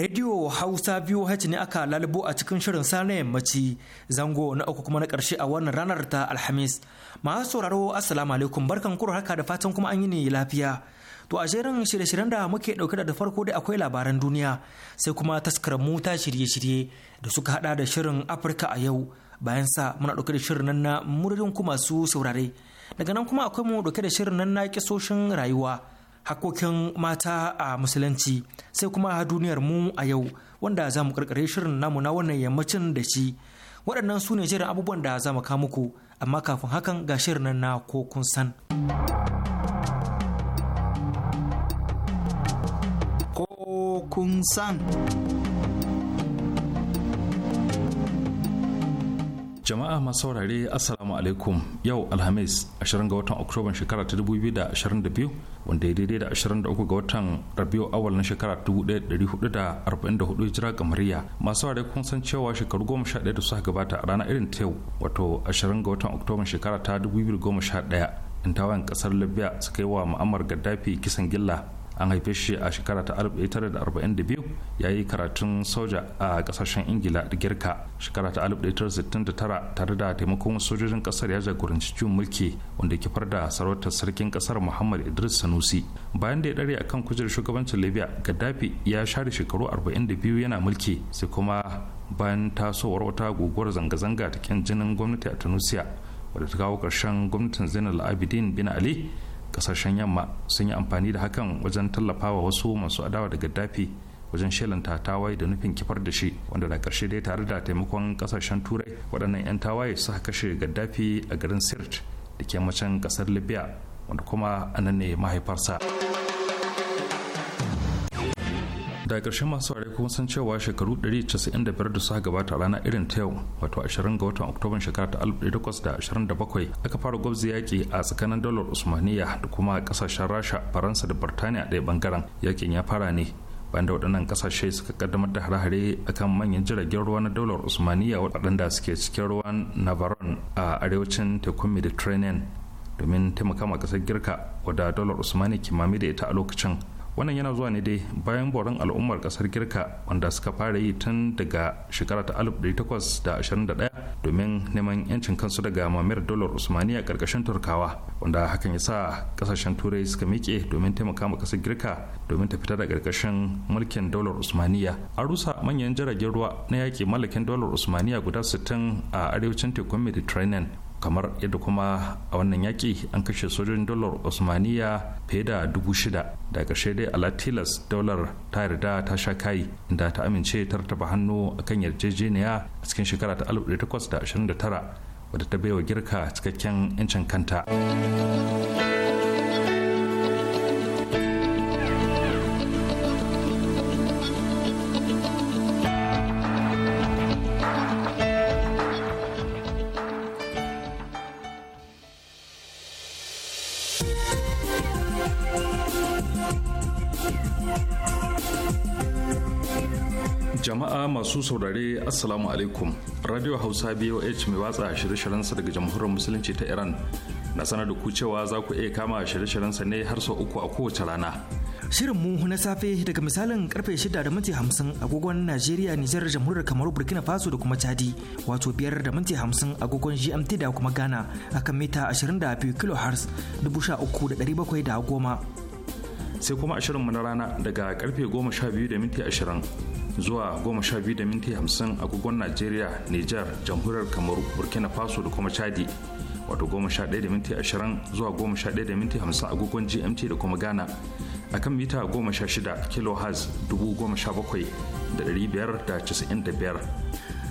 Radio Hausa biyu VOH ne aka lalubo a cikin shirin sa na yammaci zango na uku kuma na ƙarshe a wannan ranar ta Alhamis. Masu sauraro Assalamu alaikum barkan kuro haka da fatan kuma an yi ne lafiya. To a jerin shirye-shiryen da muke ɗauke da farko dai akwai labaran duniya sai kuma taskarar mota shirye-shirye da suka hada da shirin Afirka a yau bayan sa muna ɗauke da shirin nan na muridin kuma masu saurare. Daga nan kuma akwai mu ɗauke da shirin nan na kisoshin rayuwa. hakokin mata a musulunci sai kuma a duniyar mu a yau wanda za mu karkare shirin namu na wannan yammacin da shi waɗannan su ne jiran abubuwan da za mu muku amma kafin hakan ga shirin nan na ko kun san ko kun san Jama'a masu saurare Assalamu alaikum yau Alhamis 20 ga watan oktoba shekara ta 2022 wanda ya daidai da 23 ga watan Rabiu awal na shekara 1444 ga Mariya Masu saurare kun san cewa shekaru 11 da suka gabata a ranar irin ta yau wato 20 ga watan oktoba shekara ta 2011 intawan kasar Libya suka yi wa Muammar Gaddafi kisan gilla an haife shi a shekara ta 1942 ya yi karatun soja a kasashen ingila da girka shekara ta 1969 tare da taimakon sojojin kasar ya jagoranci juyin mulki wanda ke farda sarautar sarkin kasar muhammad idris sanusi bayan da ya dare akan kujerar shugabancin libya gaddafi ya share shekaru 42 yana mulki sai kuma bayan tasowar wata guguwar zanga-zanga ta kyan jinin gwamnati a tunisia wadda ta kawo ƙarshen gwamnatin zainal abidin bin ali kasashen yamma sun yi amfani da hakan wajen tallafawa wasu masu adawa da gaddafi wajen shelin tawaye da nufin kifar da shi wanda da karshe dai tare da taimakon kasashen turai waɗannan 'yan tawaye suka kashe gaddafi a garin sirt da ke macen ƙasar libya wanda kuma anan ne mahaifarsa. da ƙarshen masu ware kuma san cewa shekaru 195 da suka gabata rana irin ta yau wato 20 ga watan oktoban shekara ta 1827 aka fara gwabza yaƙi a tsakanin dalar usmaniya da kuma ƙasashen rasha faransa da birtaniya ɗaya bangaren yaƙin ya fara ne da waɗannan ƙasashe suka kaddamar da hare-hare akan manyan jiragen ruwa na daular usmaniya waɗanda suke cikin ruwan navarone a arewacin tekun mediterranean domin taimaka ma ƙasar girka wadda daular usmani kimami da ita a lokacin wannan yana zuwa ne dai bayan boron al'ummar kasar girka wanda suka fara yi tun daga shekara ta 1821 domin neman yancin kansu daga mamayar dolar usmaniya karkashin turkawa wanda hakan ya sa kasashen turai suka miƙe domin taimaka ma kasar girka domin ta fita da karkashin mulkin dolar usmaniya an rusa manyan jiragen ruwa na yaƙi mallakin dolar usmaniya guda 60 a arewacin tekun mediterranean kamar yadda kuma a wannan yaƙi an kashe sojojin dolar osmaniya fiye da dubu shida da ƙarshe dai alatilas tilas dolar ta yarda ta sha kai inda ta amince ta rataba hannu akan yarjejeniya a cikin shekara ta 1829 wadda ta baiwa girka cikakken 'yancin kanta jama'a masu saurare assalamu alaikum radio hausa boh mai watsa shirye shiryen sa daga jamhuriyar musulunci ta iran na sanar da ku cewa za ku iya kama shirye shiryen sa ne har sau uku a kowace rana shirin mu na safe daga misalin karfe 6 da minti 50 agogon najeriya nijar jamhuriyar kamar burkina faso da kuma chadi wato 5 da minti 50 agogon gmt da kuma ghana akan mita 22 da 13710 sai kuma ashirin mu na rana daga karfe 12:20 zuwa 12:50 a biyu agogon Najeriya, Nijar, Jamhuriyar Kamaru, Burkina Faso da kuma Chadi. Wato 11.20 zuwa 11.50 a ɗaya agogon GMT da kuma Ghana. A kan mita 16 sha shida kilohertz da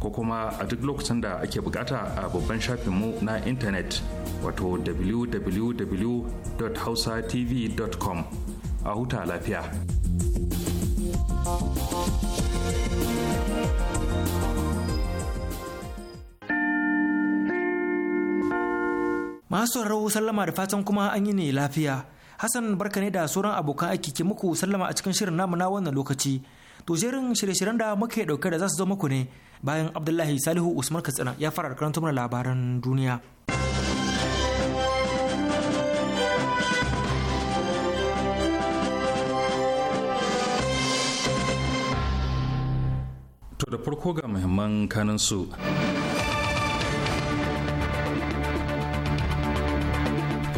ko kuma a duk lokacin da ake bukata a babban mu na intanet wato www.hausatv.com a huta lafiya. Masu rau sallama da fatan kuma an yi ne lafiya. Hassan barka ne da sauran abokan aiki ke muku sallama a cikin shirin namu na wannan lokaci. To jerin shirye-shiryen da muke dauke da za su zo muku ne bayan abdullahi salihu usman katsina ya fara karanta mana labaran duniya to da farko ga muhimman kanin su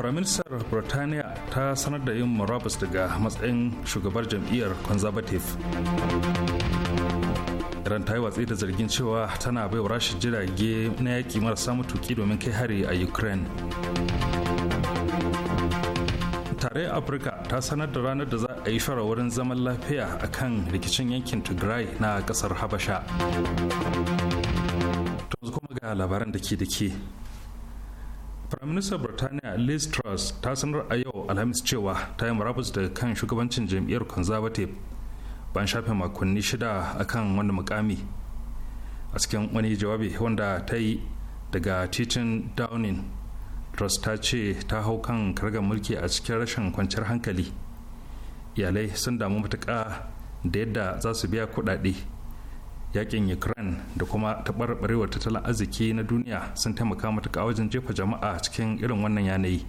Firaministar Birtaniya ta sanar da yin murabus daga matsayin shugabar jam'iyyar Conservative. iran ta yi watsi da zargin cewa tana baiwa rashin jirage na yaƙi marasa matuƙi domin kai hari a ukraine tare afirka ta sanar da ranar da za a yi shawarwarin zaman lafiya a kan rikicin yankin tigray na kasar habasha yanzu kuma ga labaran da ke da ke firaministan birtaniya liz truss ta sanar a yau alhamis cewa ta yi murabus daga kan shugabancin jam'iyyar conservative Ban shafe makonni shida akan wani mukami a cikin wani jawabi wanda ta yi daga titin downing trust ta ce ta hau kan kargar mulki a cikin rashin kwanciyar hankali iyalai sun damu matuƙa da yadda za su biya kuɗaɗe yakin ukraine da kuma taɓarɓarewar tattalin arziki na duniya sun taimaka matuƙa wajen jefa jama'a cikin irin wannan yanayi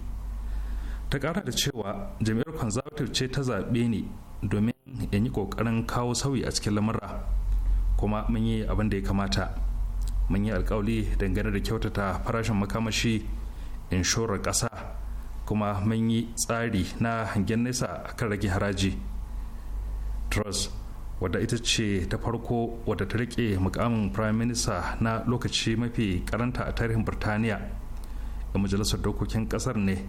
ta ƙara da cewa jami'ar conservative ce ta zaɓe ne domin yi kokarin kawo sauyi a cikin lamura kuma mun yi abin da ya kamata mun yi alkawali dangane da kyautata farashin makamashi inshorar ƙasa kuma mun yi tsari na hangen nesa akan rage haraji trust wadda ita ce ta farko wadda ta rike mukamin prime minister na lokaci mafi karanta a tarihin birtaniya da majalisar dokokin kasar ne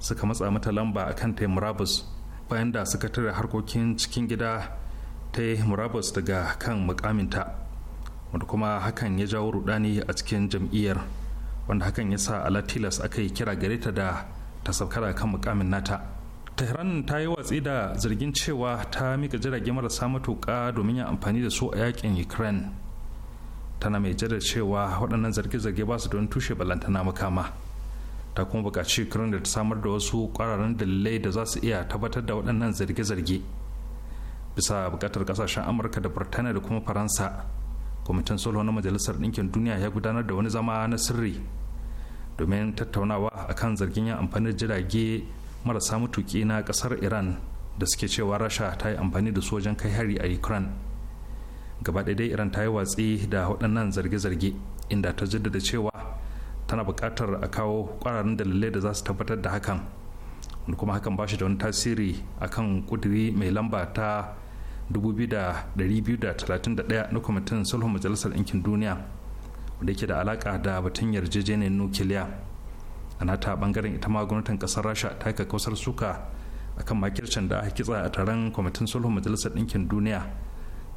suka matsa mata lamba a kan murabus bayan da sakatare harkokin cikin gida ta yi murabus daga kan mukaminta wanda kuma hakan ya jawo rudani a cikin jam'iyyar wanda hakan ya sa alatilas aka yi kira gare ta da ta saukara kan mukamin nata tehran ta yi watsi da zargin cewa ta mika jirage marasa matuƙa domin yin amfani da su a yakin ukraine tana mai jada cewa waɗannan zarge-zarge ba su don tushe balantana makama ta kuma buƙaci ukraine da ta samar da wasu ƙwararren dalilai da za su iya tabbatar da waɗannan zarge-zarge bisa buƙatar ƙasashen amurka da burtaniya da kuma faransa kwamitin sulhu na majalisar ɗinkin duniya ya gudanar da wani zama na sirri domin tattaunawa a kan zargin yin amfani da jirage marasa mutuki na ƙasar iran da suke cewa rasha ta yi amfani da su wajen kai hari a ukraine gaba dai iran ta yi watsi da waɗannan zarge-zarge inda ta jaddada cewa tana buƙatar a kawo ƙwararrun dalilai da za su tabbatar da hakan wanda kuma hakan ba shi da wani tasiri a kan kuduri mai lamba ta 2231 na kwamitin sulhun majalisar ɗinkin duniya wanda yake da alaƙa da batun yarjejeniyar nukiliya a nata bangaren ita ma gwamnatin ƙasar rasha ta yi kausar suka a kan makircin da aka kitsa a taron kwamitin sulhun majalisar ɗinkin duniya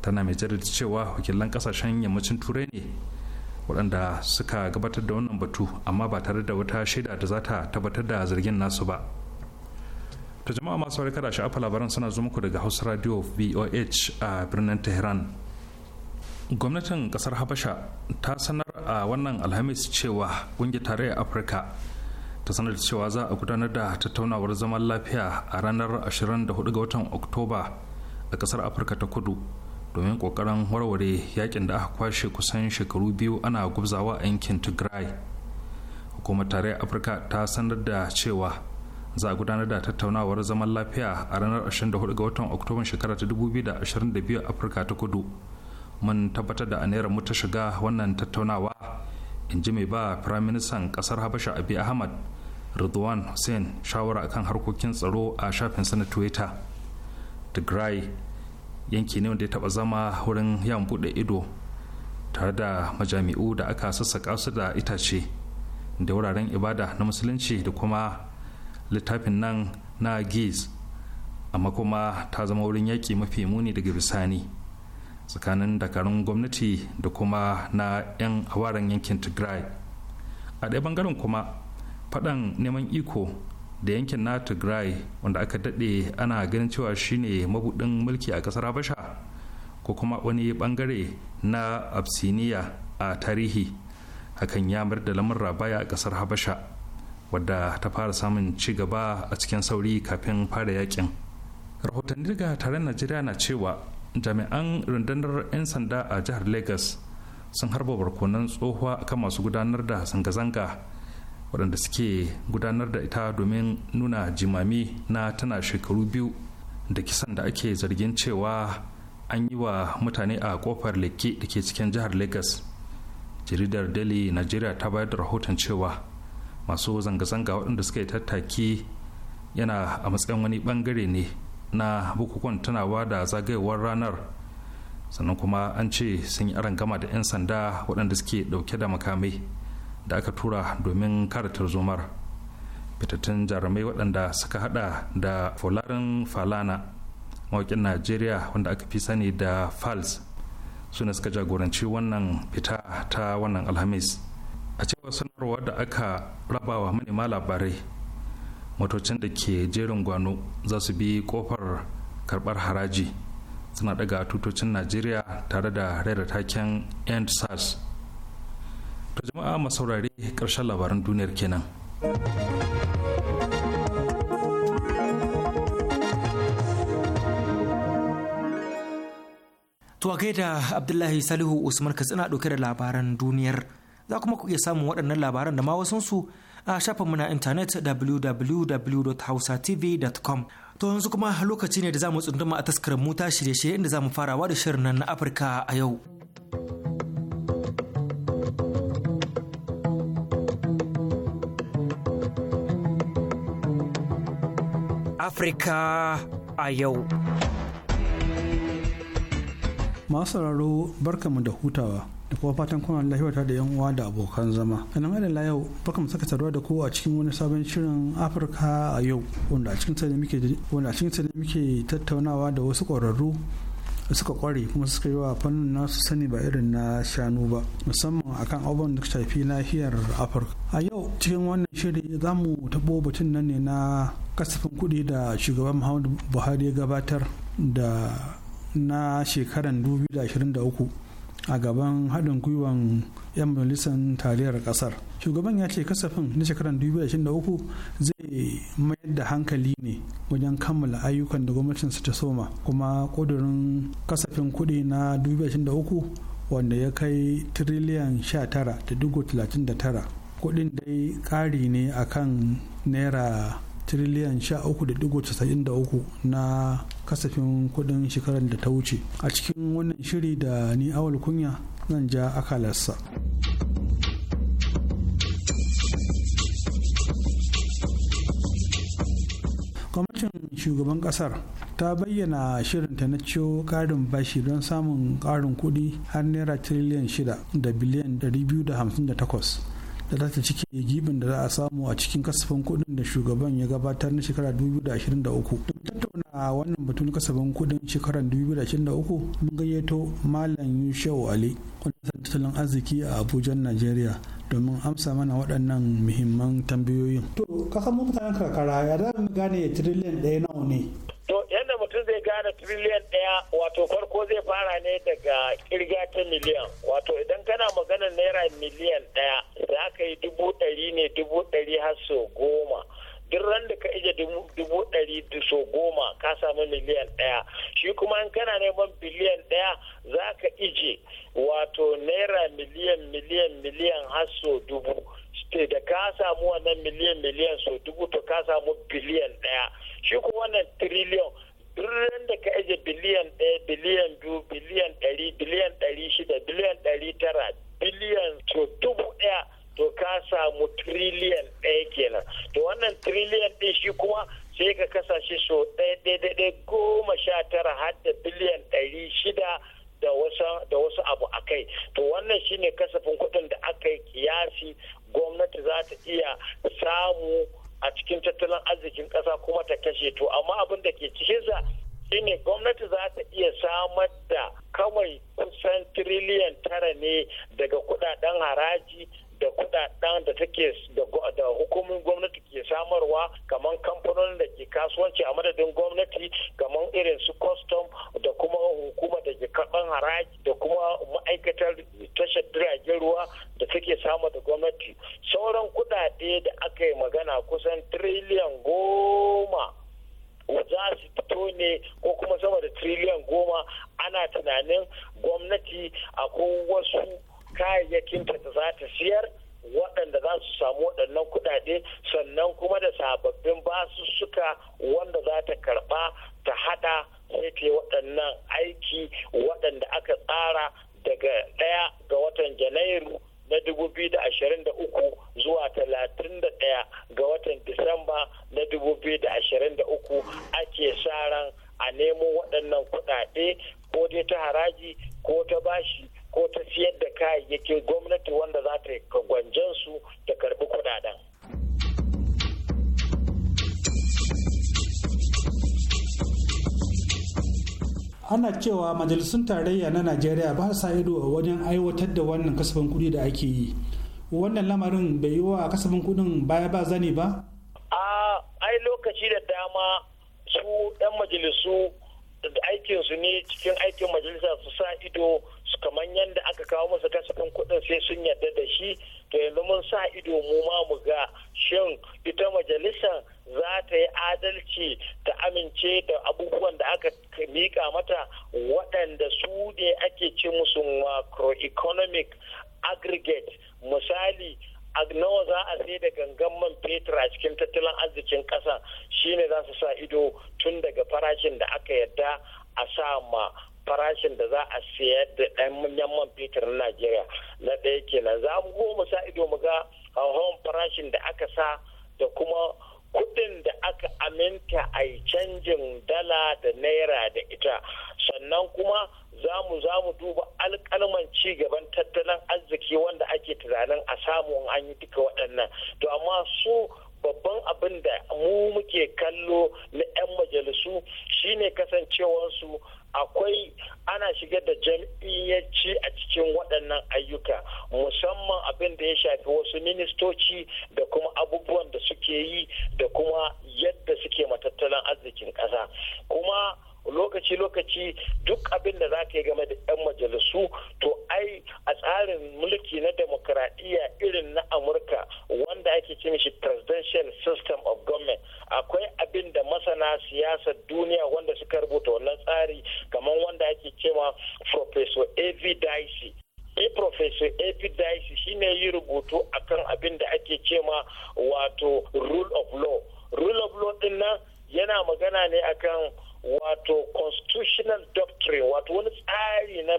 tana mai jaddada cewa wakilan ƙasashen yammacin turai ne waɗanda suka gabatar da wannan batu amma ba tare da wata shaida da za ta tabbatar da zargin nasu ba ta jama'a masu warkar da sha'afa labaran suna zo muku daga hausa radio voh a birnin tehran gwamnatin kasar habasha ta sanar a wannan alhamis cewa kungiyar tarayyar afirka ta sanar da cewa za a gudanar da tattaunawar zaman lafiya a ranar 24 ga watan oktoba a kasar afirka ta kudu domin kokarin warware yakin da aka kwashe kusan shekaru biyu ana gubzawa a yankin tigray hukumar tarayyar afirka ta sanar da cewa za a gudanar da tattaunawar zaman lafiya a ranar 24 ga watan oktoban shekara ta 2022 afirka ta kudu mun tabbatar da aniyar mu ta shiga wannan tattaunawa in ji mai ba firaministan kasar habasha abi ahmad ridwan hussein shawara akan harkokin tsaro a shafinsa na twitter tigray yanki ne wanda ya taba zama wurin yan bude ido tare da majami'u da aka sassaka su da itace da wuraren ibada na musulunci da kuma littafin nan na giz amma kuma ta zama wurin yaƙi mafi muni daga bisani tsakanin dakarun gwamnati da kuma na 'yan awaren yankin tigray a ɗaya bangaren kuma faɗan neman iko da yankin na tigray wanda aka daɗe ana ganin cewa shine mabudin mulki a ƙasar habasha ko kuma wani bangare na absiniya a tarihi hakan ya da lamurra rabaya a ƙasar habasha wadda ta fara samun ci gaba a cikin sauri kafin fara yakin rahoton daga taron najeriya na cewa jami'an rundunar 'yan sanda a jihar Legas sun harba barkonan tsohuwa kan masu gudanar da zanga-zanga waɗanda suke gudanar da ita domin nuna jimami na tana shekaru biyu da kisan da ake zargin cewa an yi wa mutane a kofar leke da ke cikin jihar lagos jaridar daily nigeria ta bayar da rahoton cewa masu zanga-zanga waɗanda suka yi tattaki yana a matsayin wani bangare ne na bukukuwan tunawa da zagayewar ranar sannan kuma an ce sun yi gama da 'yan sanda waɗanda suke ɗauke da makamai da aka tura domin kare tarzomar fitattun jarumai waɗanda suka hada da folarin falana mawakin najeriya wanda aka fi sani da fals suna suka jagoranci wannan fita ta wannan alhamis a cewar sanarwa da aka rabawa manema labarai motocin da ke jerin gwano za su bi kofar karbar haraji suna daga tutocin najeriya tare da raira taken end sars to jama'a masaurare karshen labaran duniyar kenan. To da Abdullahi Salihu Usman Katsina ɗauke da labaran duniyar. Za kuma ku iya samun waɗannan labaran da ma wasunsu a shafinmu na intanet www.hausatv.com. To yanzu kuma lokaci ne da za mu tsunduma a taskar mu ta shirye-shirye inda za mu farawa da shirin nan na Afirka a yau. Afirka a yau. Masu sauraro barkamu da hutawa. da kuma fatan kuna lahiyarta da yan uwa da abokan zama. Kanan adala yau baka mu saka saduwa da kowa a cikin wani sabon shirin Afirka a yau wanda a cikin ne muke tattaunawa da wasu ƙwararru da suka kware kuma suka yi wa fannin nasu sani ba irin na shanu ba musamman akan abubuwan da shafi nahiyar afirka a yau cikin wannan shiri za mu tabo batun nan ne na kasafin kuɗi da shugaban muhammadu buhari ya gabatar da na shekaran 2023 a gaban haɗin gwiwan 'yan majalisar tarayyar kasar shugaban ya ce kasafin na shekarar 2023 zai mayar da hankali ne wajen kammala ayyukan da su ta soma kuma kudurin kasafin kudi na 2023 wanda ya kai tiriliyan 19.39 kudin dai kari ne a kan naira tiriliyan 13.93 na kasafin kudin shekarar da ta wuce a cikin wannan shiri da ni awal kunya zan ja akalarsa. gwamnatin shugaban kasar ta bayyana shirinta na ciyo karin bashi don samun karin kudi har naira tiriliyan shida da biliyan 258 da za ta cike gibin da za a samu a cikin kasafin kuɗin da shugaban ya gabatar na shekara 2023 duk tattauna wannan batun kasafin kuɗin shekarar 2023 mun gayyato malam yushau ali wanda tattalin arziki a abuja nigeria domin amsa mana waɗannan muhimman tambayoyin to kasan mutanen karkara ya za mu gane tiriliyan ɗaya nawa ne zai gane triliyan ɗaya wato farko zai fara ne daga kirga ta miliyan wato idan kana maganar naira miliyan ɗaya za ka yi dubu ɗari ne dubu ɗari har so goma duk ran da ka ije dubu ɗari so goma ka samu miliyan ɗaya shi kuma in kana neman biliyan ɗaya za ka ije wato naira miliyan miliyan miliyan har so dubu da ka samu wannan miliyan miliyan so dubu to ka samu biliyan ɗaya shi kuma wannan triliyan duk da ka aje biliyan ɗaya biliyan biyu biliyan ɗari biliyan ɗari shida biliyan ɗari tara biliyan to dubu ɗaya to ka samu triliyan ɗaya kenan to wannan triliyan ɗin shi kuma sai ka kasashe shi so ɗaya ɗaya goma sha tara har da biliyan ɗari shida da wasu da wasu abu a kai to wannan shine kasafin kuɗin da aka yi kiyasi gwamnati za ta iya samu a cikin tattalin arzikin ƙasa kuma ta kashe to amma abin da ke cikinsa shine gwamnati za ta iya samar da kawai kusan tiriliyan tara ne daga kudaden haraji da kudaden da take da hukumin gwamnati ke samarwa kamar kamfanonin da ke kasuwanci a madadin gwamnati kamar irin su custom da kuma hukuma da ke karban haraji da kuma ma'aikatar tashar jiragen ruwa da take samu da gwamnati sauran kudade da aka yi magana kusan triliyan goma za su fito ne ko kuma sama da triliyan goma ana tunanin gwamnati akwai wasu kayayyakin ta za ta siyar waɗanda za su samu waɗannan kuɗaɗe sannan kuma da sababbin basussuka wanda za ta karɓa ta haɗa sai ta waɗannan aiki waɗanda aka tsara daga ɗaya ga watan janairu na 2023 zuwa 31 ga watan Disamba na 2023 ake sa ran a nemo waɗannan kuɗaɗe ko dai ta haraji ko ta bashi ko ta siyar da kayayyakin gwamnati wanda za ta gwanjan su ta karbi kudaden. ana cewa majalisun tarayya na najeriya ba sa ido a wajen aiwatar da wannan kasafin kuɗi da ake yi wannan lamarin bai yi wa kasafin kuɗin baya ba zani ba a ai lokaci da dama su 'yan majalisu aikinsu ne cikin aikin majalisa su sa ido kamar yadda aka kawo masa kasafin kuɗin sai sun yarda da shi to yanzu mun sa ido mu ma mu ga shin ita majalisa za ta yi adalci ta amince da abubuwan da aka miƙa mata waɗanda su ne ake ce musu macroeconomic aggregate misali a nawa za a sai da gangan man fetur a cikin tattalin arzikin ƙasa shine za su sa ido tun daga farashin da aka yadda a sa ma farashin da za a sayar da ɗan manyan man fetur na Najeriya na ɗaya kenan za mu mu sa ido mu ga hauhawan farashin da aka sa da kuma kuɗin da aka aminta a yi canjin dala da naira da ita sannan kuma za mu za mu duba alƙalman ci gaban tattalin arziki wanda ake tunanin a samu an yi duka waɗannan to amma su babban abin da mu muke kallo na 'yan majalisu shine kasancewarsu akwai ana shigar da jam'iyyaci a cikin waɗannan ayyuka musamman abin da ya shafi wasu ministoci da kuma abubuwan da suke yi da kuma yadda suke matattalin arzikin ƙasa kuma lokaci-lokaci duk abin da za ka yi game da 'yan majalisu to ai a tsarin mulki na demokradiyya irin na amurka wanda ake ce shi presidential system of government akwai abin da masana siyasar duniya wanda suka rubuta wannan tsari kamar wanda ake cewa professor av dicey a eh, professor ap dicey shine yi rubutu akan abin da ake cewa wato rule of law rule of law din nan yana magana ne akan wato constitutional doctrine wato wani tsari na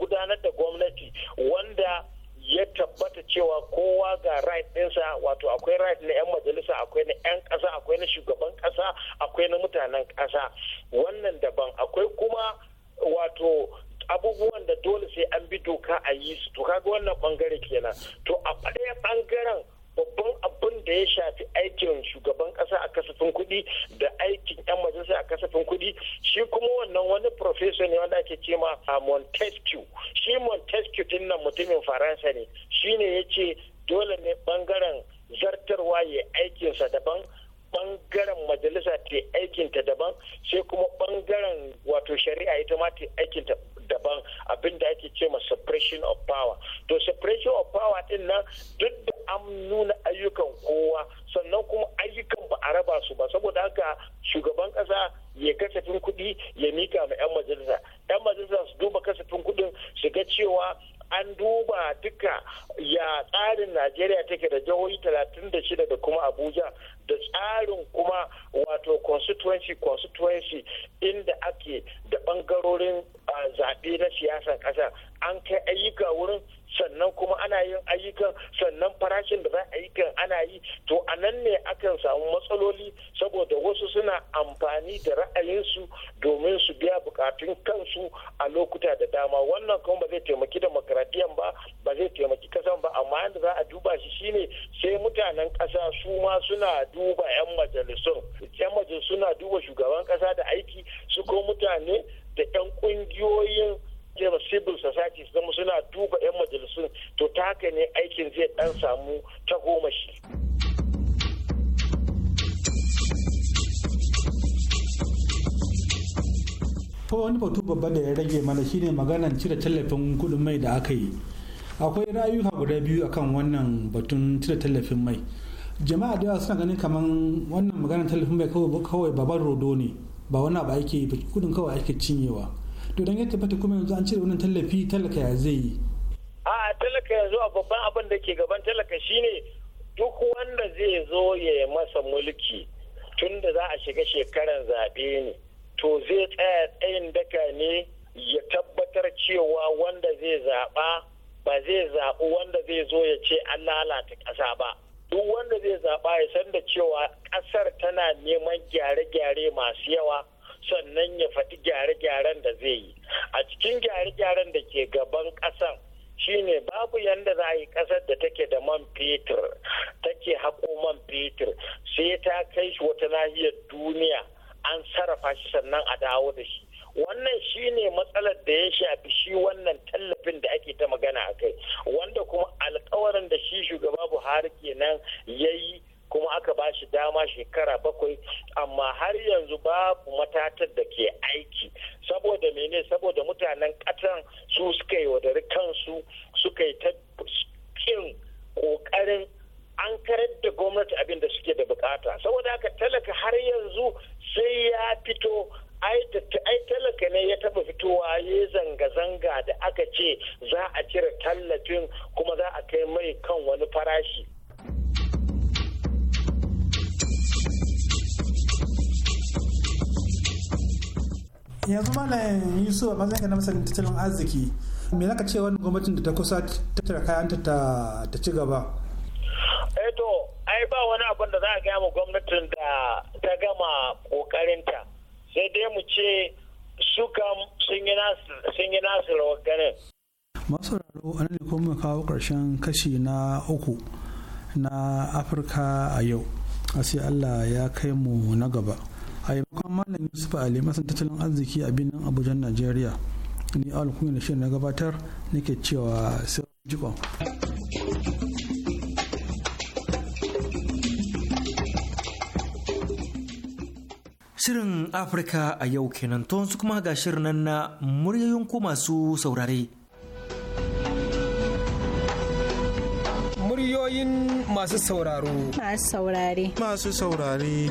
gudanar da gwamnati wanda ya tabbata cewa kowa ga right ɗinsa wato akwai right na 'yan majalisa akwai na 'yan ƙasa akwai na shugaban ƙasa akwai na mutanen ƙasa wannan daban akwai kuma wato abubuwan da dole sai an bi doka a yi su to kaga wannan bangare kenan to a ɗaya bangaren babban abin da ya shafi aikin shugaban kasa a kasafin kuɗi da aikin 'yan majalisa a kasafin kuɗi shi kuma wannan wani professor ne wanda ake cema a montesquieu shi montesquieu din nan mutumin faransa ne shi ne ya ce dole ne bangaren zartarwa ya aikinsa daban bangaren majalisa ta aikinta daban sai kuma bangaren wato shari'a ita ma ta aikinta daban abin da ake ce ma of power to suppression of power din nan duk da an nuna ayyukan kowa sannan kuma ayyukan ba a raba su ba saboda haka shugaban kasa ya kasafin kuɗi ya mika ma 'yan majalisa 'yan majalisa su duba kasafin kuɗin su ga cewa an duba duka ya tsarin najeriya take da jihohi talatin da kuma abuja da tsarin kuma wato constituency constituency inda ake da bangarorin ah, zaɓe na siyasar ƙasa an kai ayyuka wurin sannan kuma ana yin ayyukan sannan farashin da za a yi kan ana yi to a nan ne akan samu matsaloli saboda wasu suna amfani da ra'ayinsu domin su biya bukatun kansu a lokuta da dama wannan kuma ba zai taimaki demokradiyan ba ba zai taimaki kasan ba amma yadda za a duba shi shine sai mutanen kasa su ma suna duba 'yan majalisun 'yan majalisun suna duba shugaban kasa da aiki su ko mutane da 'yan kungiyoyin kera civil society su zama suna duba 'yan majalisun to ta haka ne aikin zai dan samu ta goma shi. Ko wani batu babba da ya rage mana shine magana cire tallafin kudin mai da aka yi akwai rayuka guda biyu akan wannan batun cire tallafin mai jama'a da yawa suna ganin kamar wannan magana tallafin mai kawai babban rodo ne ba wani abu ake kudin kawai ake cinyewa to don ya tabbata kuma yanzu an cire wannan tallafi talaka ya zai yi a talaka yanzu a babban abin da ke gaban talaka shine duk wanda zai zo ya masa mulki tun da za a shiga shekaran zaɓe ne to zai tsaya tsayin daka ne ya tabbatar cewa wanda zai zaɓa ba zai zaɓi wanda zai zo ya ce an lalata ƙasa ba duk wanda zai zaɓa ya san da cewa ƙasar tana neman gyare-gyare masu yawa sannan ya faɗi gyare-gyaren da zai yi a cikin gyare-gyaren da ke gaban ƙasan shine babu yadda za a yi ƙasar da take da man fetur take haƙo man fetur sai ta kai shi wata nahiyar duniya an sarrafa shi sannan a dawo da shi wannan shine matsalar da ya shafi shi wannan tallafin da ake ta magana a kai wanda kuma alkawarin da shi shugaba buhari kenan ya yi kuma aka ba shi dama shekara bakwai amma har yanzu babu matatar da ke aiki saboda mene saboda mutanen ƙasan su suka yi wadari kansu suka yi ta cikin ƙoƙarin an karar da gwamnati abin da suke da bukata saboda aka talaka har yanzu sai ya fito ai talaka ne ya taba fitowa ya zanga-zanga da aka ce za a cire tallafin kuma za a kai mai kan wani farashi yanzu malam yusuf a matsayin na masanin tattalin arziki me zaka ce wani gwamnatin da ta kusa tattara kayanta ta ci gaba eh to ai ba wani abun da za a gaya ma gwamnatin da ta gama kokarinta sai dai mu ce su kam sun yi nasu rawar ganin masu raro a nan ne kuma kawo karshen kashi na uku na afirka a yau sai allah ya kai mu na gaba a yamakon malam yusuf ali masan tattalin arziki a binin abuja najeriya ni alkunya da shirin na gabatar nake cewa sai jikon Shirin Afirka a yau kenan to su kuma ga shirin nan na muryoyin ku masu saurare. Muryoyin masu sauraro. Masu saurare. Masu saurare.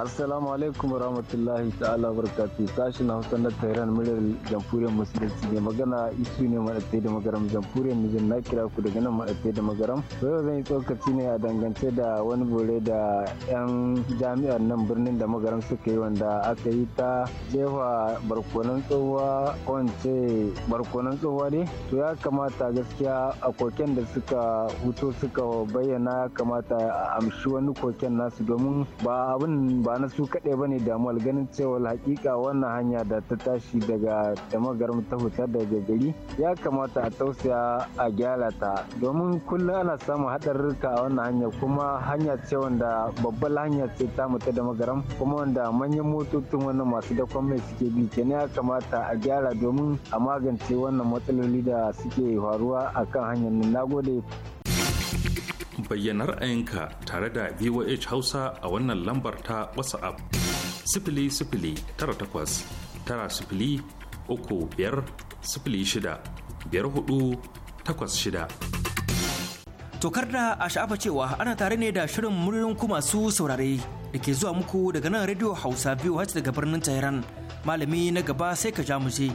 assalamu alaikum rahmatullahi ta'ala barakatuh sashin hausa na tehran miliyar jamhuriyar musulunci ne magana isu ne maɗaɗe da magaram jamhuriyar nijar na kira ku daga nan maɗaɗe da magaram to yau zan yi tsokaci ne a dangance da wani bore da yan jami'ar nan birnin da magaram suka yi wanda aka yi ta jefa barkonan tsohuwa wance barkonan tsohuwa ne to ya kamata gaskiya a koken da suka huto suka bayyana ya kamata a amshi wani koken nasu domin ba abin ba na su kaɗai ba ne damuwar ganin cewa hakika wannan hanya da ta tashi daga damagaram ta hutar daga gari ya kamata a tausaya a gyara ta domin kullum ana samun haɗarurruka a wannan hanya kuma hanya ce wanda babbar hanya ce ta mutu ta magaram kuma wanda manyan motocin wannan masu dakon mai suke bi kenan ya kamata a gyara domin a magance wannan matsaloli da suke faruwa akan hanyar na gode bayyana ra'ayinka tare da voh hausa a wannan lambar ta whatsapp sifili sifili tara takwas tara sifili uku biyar sifili shida biyar hudu takwas shida tokar da a sha'afa cewa ana tare ne da shirin muryoyin ku masu saurare da ke zuwa muku daga nan radio hausa voh daga birnin tehran malami na gaba sai ka ja mu je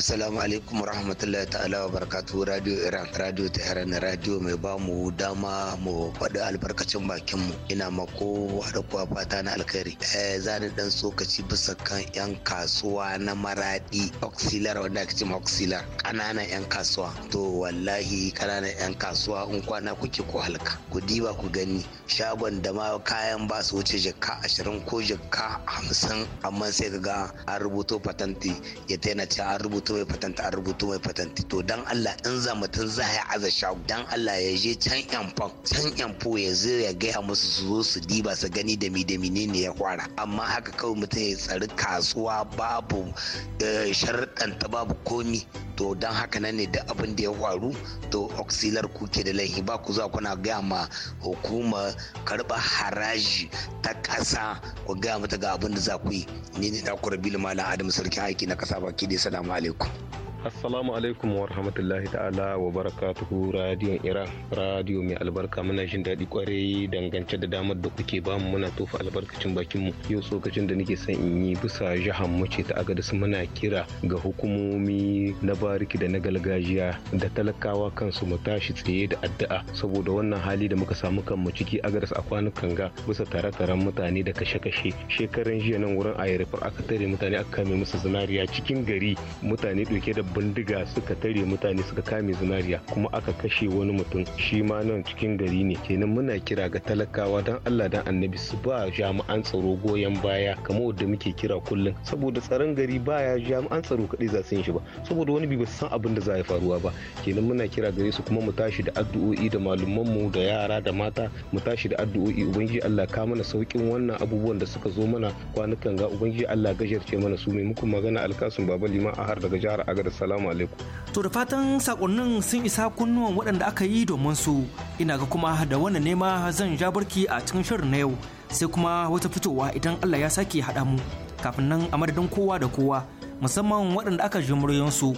Assalamu alaikum rahmatullahi ta'ala wa barakatuh Radio Iran Radio Tehran Radio mai ba mu dama mu faɗi albarkacin bakin mu ina mako da kuwa fata na alkhairi eh ni dan sokaci bisa kan yan kasuwa na maradi auxiliar wanda ake cewa auxiliar kananan yan kasuwa to wallahi kananan yan kasuwa in kwana kuke ko halka ku diba ku gani shagon da ma kayan ba su wuce jakka 20 ko jakka 50 amma sai ka ga an rubuto patanti ya taina ce an rubuta rubuta mai patanta an rubuta mai patanta to dan Allah in za tun za ya aza shago dan Allah ya je can yanfan can fo ya zo ya gaya musu su zo su diba su gani da mi da ne ya kwara amma haka kawai mutum ya tsari kasuwa babu eh, sharuɗanta babu komi to don haka nan ne da abin da ya faru to auxiliar ke da laifi ba ku za kuna gaya ma hukuma karba haraji ta ƙasa ku gaya mata ga abin da za ku yi ni ne ɗakurar bilu malam adam sarki aiki na ƙasa baki da salamu alaikum いう Assalamu alaikum wa rahmatullahi ta'ala wa barakatuhu radiyon Iran radiyo mai albarka muna jin daɗi kwarai dangance da damar da kuke bamu muna tofa albarkacin bakinmu yau sokacin da nake son in yi bisa jihar mu ce ta agadis muna kira ga hukumomi na bariki da na galgajiya da talakawa kansu mu tashi tsaye da addu'a saboda wannan hali da muka samu kanmu ciki agadis a kwanukan ga bisa tare-taren mutane da kashe-kashe shekaran jiya nan wurin a aka tare mutane aka kame musu zinariya cikin gari mutane ɗauke da bindiga suka tare mutane suka kame zinariya kuma aka kashe wani mutum shi ma nan cikin gari ne kenan muna kira ga talakawa don allah dan annabi su ba jami'an tsaro goyon baya kamar wadda muke kira kullum saboda tsaron gari baya jami'an tsaro kaɗai za su yin shi ba saboda wani bi ba san abin da za ya faruwa ba kenan muna kira gare su kuma mu tashi da addu'o'i da mu da yara da mata mu tashi da addu'o'i ubangiji allah ka mana saukin wannan abubuwan da suka zo mana kwanukan ga ubangiji allah gajarce mana su mai muku magana alkasun baba lima har daga jihar agadas Assalamu alaikum. To da fatan sakonnin sun isa kunnuwan waɗanda aka yi domin su ina ga kuma da wani nema zan ja barki a cikin shirin na yau sai kuma wata fitowa idan Allah ya sake haɗa mu kafin nan a madadin kowa da kowa musamman waɗanda aka ji su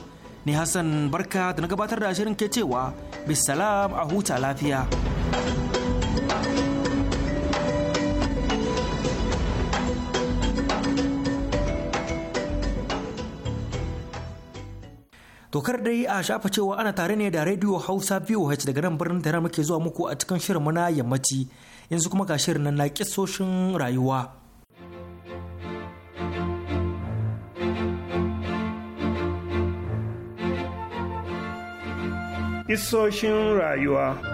ni Hassan barka da na gabatar da shirin ke cewa bisalam a huta lafiya. Tokar dai a shafa cewa ana tare ne da Radio Hausa VOH daga nan birnin Tehran muke zuwa muku a cikin shirinmu na yammaci yanzu kuma ga shirin nan na kisoshin rayuwa. Kisoshin rayuwa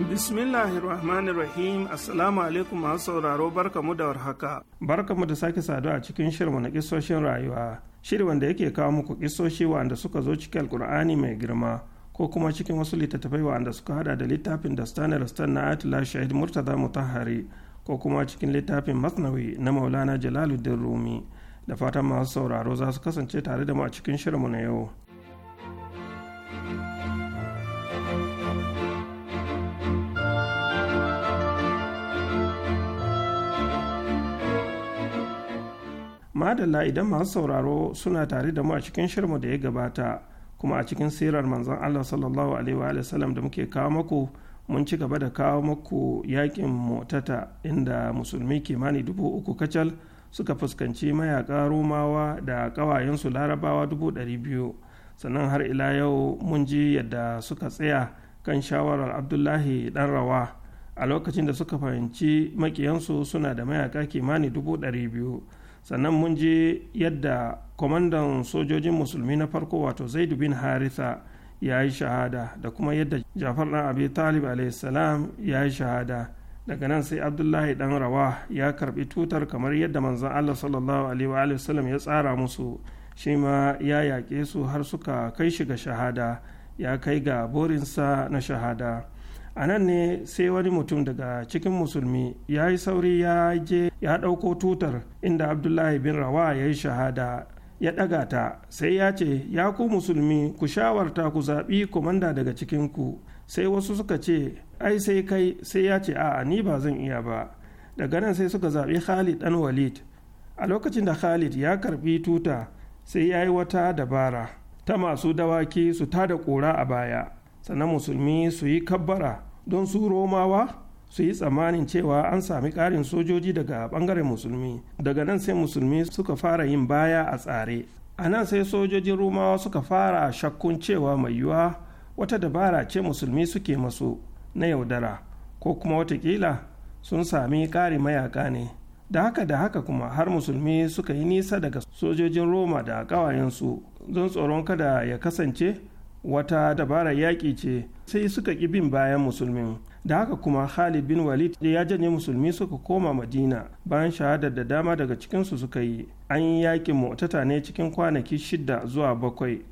Bismillahirrahmanirrahim Assalamu alaikum masu sauraro barka barkamu da warhaka. mu da sake saduwa a cikin shirmu na kisoshin rayuwa. Shiri wanda yake kawo muku kisoshi wanda suka zo cikin Alkur'ani mai girma ko kuma cikin wasu littattafai wanda suka hada da littafin da Stanley Stan na Atila Shahid Murtaza Mutahari ko kuma cikin littafin Masnawi na Maulana Jalaluddin Rumi. Da fatan masu sauraro za su kasance tare da mu a cikin shirinmu na yau. madalla idan masu sauraro suna tare da mu a cikin shirmu da ya gabata kuma a cikin sirar manzon allah sallallahu alaihi wa da muke kawo maku mun ci gaba da kawo maku yakin motata inda musulmi kimani dubu uku kacal suka fuskanci mayaka romawa da ƙawayensu larabawa dubu ɗari biyu sannan har ila yau mun ji yadda suka tsaya kan shawarar abdullahi ɗan rawa a lokacin da suka fahimci makiyansu suna da mayaka kimani dubu ɗari biyu sannan mun je yadda kwamandan sojojin musulmi na farko wato zaidu bin haritha ya yi shahada da kuma yadda jafar ɗan abi talib salam ya yi shahada daga nan sai abdullahi ɗan rawa ya karbi tutar kamar yadda manzon allah sallallahu alaihi wasallam ya tsara musu shi ma ya yaƙe su har suka kai shi ga shahada ya kai ga burinsa na shahada a nan ne sai wani mutum daga cikin musulmi ya yi sauri ya je ya ɗauko tutar inda abdullahi bin rawa ya yi shahada ya ɗaga ta sai ya ce ya ku musulmi ku shawarta ku zaɓi komanda daga cikinku sai wasu suka ce ai sai kai sai ya ce a'a ni ba zan iya ba daga nan sai suka zaɓi khalid ɗan walid a lokacin da khalid ya karɓi tuta sai ya yi wata dabara ta masu dawaki su tada ƙura a baya sannan musulmi su yi kabbara don su romawa su yi tsammanin cewa an sami ƙarin sojoji daga bangaren musulmi daga nan sai musulmi suka fara yin baya a tsare a nan sai sojojin romawa suka fara shakkun cewa mai yiwuwa wata dabara ce musulmi suke masu na yaudara ko kuma watakila sun sami ƙari mayaka ne da haka da haka kuma har musulmi suka yi nisa daga sojojin roma da ƙawayensu don tsoron kada ya kasance wata dabarar yaƙi ce sai suka ƙi bin bayan musulmin da haka kuma khalid bin walid ya janye musulmi suka koma madina bayan shahadar da dama daga cikinsu suka yi an yi yaƙin motata ne cikin kwanaki shida zuwa bakwai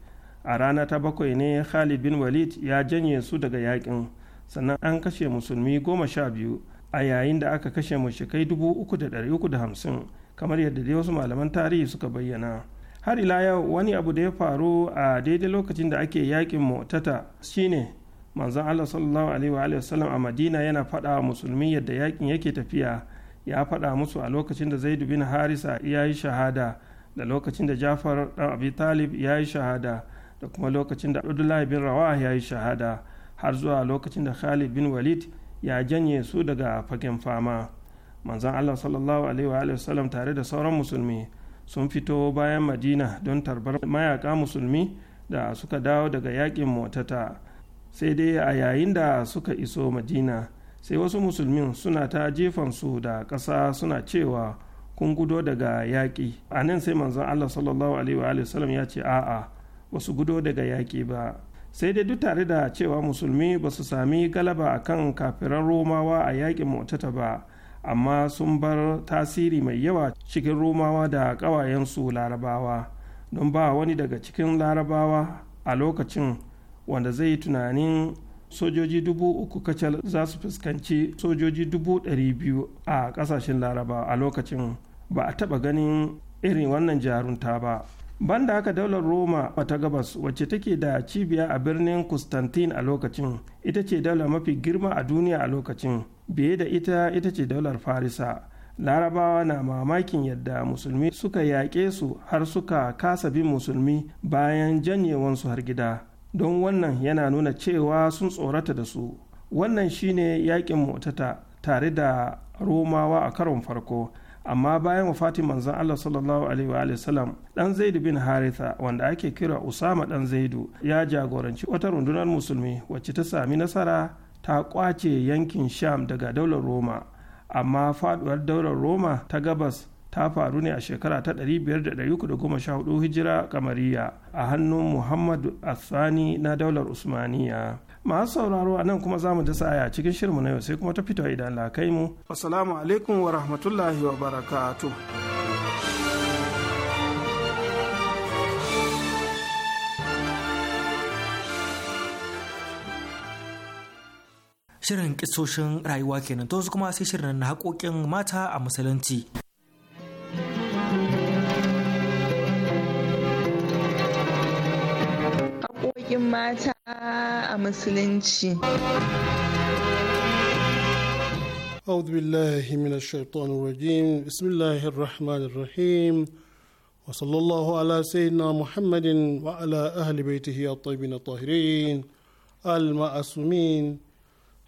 a rana ta bakwai ne khalid bin walid ya janye su daga yaƙin sannan an kashe musulmi goma sha biyu a yayin da aka kashe mashikai dubu uku da dari uku da hamsin kamar yadda dai wasu malaman tarihi suka bayyana har ila yau wani abu da ya faru a daidai lokacin da ake yakin motata shine manzon allah sallallahu alaihi wa sallam a madina yana faɗa wa musulmi yadda yakin yake tafiya ya faɗa musu a lokacin da zaidu bin harisa ya yi shahada da lokacin da jafar dan abi talib ya yi shahada da kuma lokacin da abdullahi bin rawah ya yi shahada har zuwa lokacin da khalid bin walid ya janye su daga fagen fama manzon allah sallallahu alaihi wa sallam tare da sauran musulmi sun fito bayan madina don tarbar mayaka musulmi da suka dawo daga yakin motata sai dai a yayin da suka iso madina sai wasu musulmin suna ta jefansu da ƙasa suna cewa kun gudo daga yaƙi a nan sai manzon allah sallallahu alaihi wa sallam ya ce a'a wasu gudo daga yaƙi ba sai dai duk tare da cewa musulmi ba su sami galaba akan kafiran romawa a yaƙin motata ba amma sun bar tasiri mai yawa cikin romawa da ƙawayensu larabawa don ba wani daga cikin larabawa a lokacin wanda zai tunanin sojoji dubu uku kacal za su fuskanci sojoji dubu ɗari biyu a ƙasashen larabawa a lokacin ba a taɓa ganin irin wannan jarunta ba banda haka daular roma ta gabas wacce take da cibiya a birnin constantine a lokacin ita ce daular mafi girma a duniya a lokacin biye da ita ita ce daular farisa larabawa na mamakin yadda musulmi suka yaƙe su har suka kasa bin musulmi bayan janyewansu har gida don wannan yana nuna cewa sun tsorata da su wannan shine yaƙin motata tare da romawa a karon farko amma bayan wafatin manzon Allah sallallahu alaihi wa sallam dan Zaidu bin Haritha wanda ake kira Usama dan Zaidu ya jagoranci wata rundunar musulmi wacce ta sami nasara ta kwace yankin sham daga daular roma amma faduwar daular roma ta gabas ta faru ne a shekara ta hudu hijira kamariya a hannun muhammadu asani na daular usmaniya masu sauraro a nan kuma za mu dasa aya cikin shirmu na yau sai kuma ta fito idan lakai mu assalamu alaikum wa rahmatullahi wa barakatuh shirin kisoshin rayuwa kenan to su kuma sai shirin na haƙoƙin mata a musulunci haƙoƙin mata a musulunci أعوذ بالله من الشيطان الرجيم بسم الله الرحمن الرحيم وصلى الله على سيدنا محمد وعلى أهل بيته الطيبين الطاهرين المعصومين